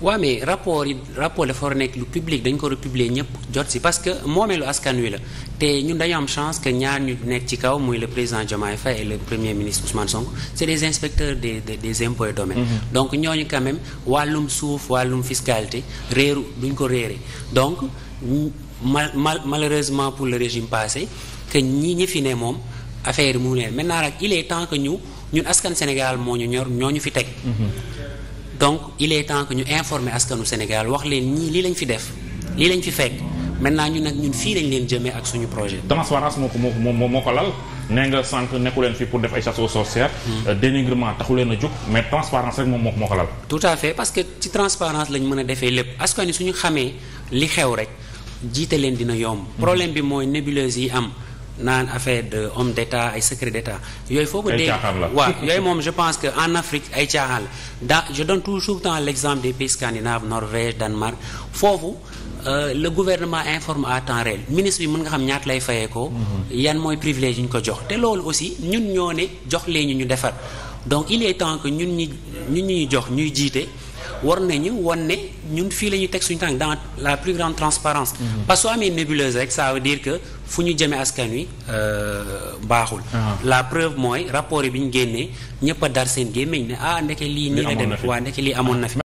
waaw mais rapport yi rapport dafa war lu public dañ ko war a ñëpp jot si parce que moomeelu askan wi la te ñun dañu am chance que ñaar ñu nekk ci kaw muy le président Diomaye fay et le premier ministre Ousmane Sonko c' est des inspecteurs des des, des impôts domaines. Mm-hmm. donc ñooñu quand même wàllum suuf wàllum fiscalité réeru duñ ko réere donc mal mal malheureusement pour le régime passé que ñi ñi fi ne moom affaire yi mu ne maintenant nag il est temps que ñu ñun askan Sénégal moo ñu ñor ñoo ñu fi teg. Mm-hmm. donc il est temps ñu informer askanu Sénégal wax leen ñii lii lañ fi def lii lañ fi fekk maintenant ñun nag ñun fii lañ leen jëmee ak suñu projet. transparence moo ko lal nee nga sànq nekku pour def ay chasse aux sorcières. Hmm. Euh, taxu leen a jóg mais transparence rek moom moo ko lal. tout à fait parce que ci transparence lañ mën a defee lépp askan suñu xamee li xew rek jiite leen dina yomb. Hmm. problème bi mooy nébuleuse yi am. naan affaire de homme d'état ay secret d'état yooyu foo ko dégg waaw yooyu moom je pense que en Afrique ay caaxaan la je donne toujours dans l'exemple des pays scandinaves Norvège Danemark foofu Euh, le gouvernement informe à temps réel ministre bi mën nga xam ñaata lay fayee ko. Mhm. yan mooy privilège yi ñu ko jox te loolu aussi ñun ñoo ne jox leen ñu ñu defar donc il est temps que ñun ñi ñun ñuy jox ñuy jiite. war nañu wan ne ñun fii la ñuy teg suñu tànk dans la plus grande transparence mhm. parce amee nébuleuse rek ça veut dire que fu ñu jëmee askan wi euh, baaxul ah. la preuve mooy rapport yi bi ñu génnee ñëpp a dar seen gémmiñ ne ah ndeke lii nii la demee waa ndeke lii amoon na fi